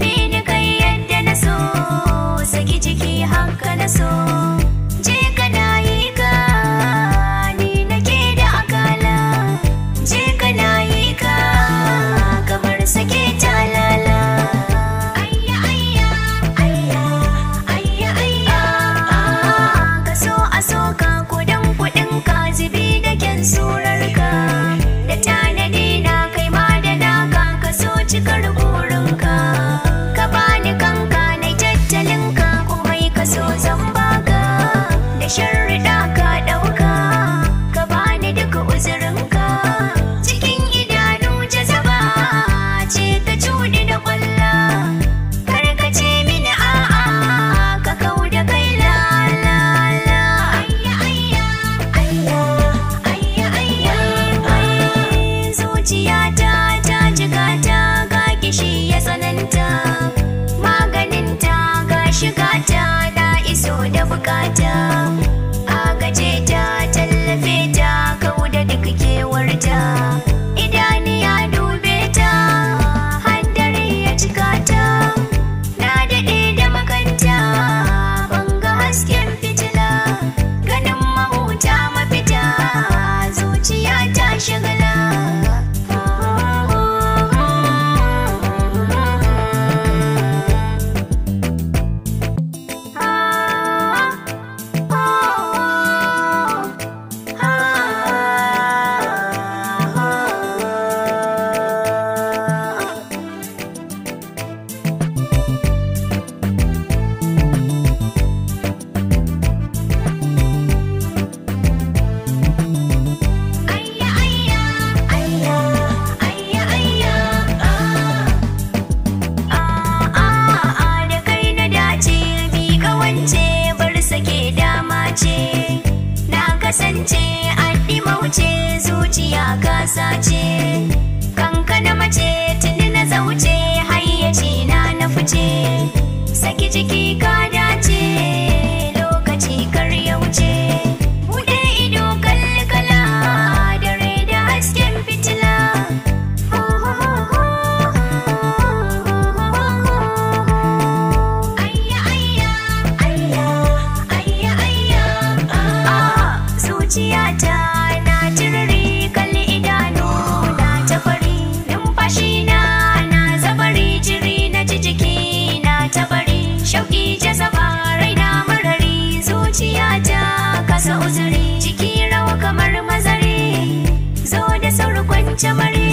Ni da yadda na so, saki jiki haka na so. so da bukata mace zuciya ka sace kankana mace tuni na zauce hayyaci na na fice saki jiki ka dace lokaci kar ya wuce bude ido kalkala dare da hasken fitila Ayya ayya ayya ayya ayya zuciya uzuri jiki rawa kamar mazari zo da sauri kwance mari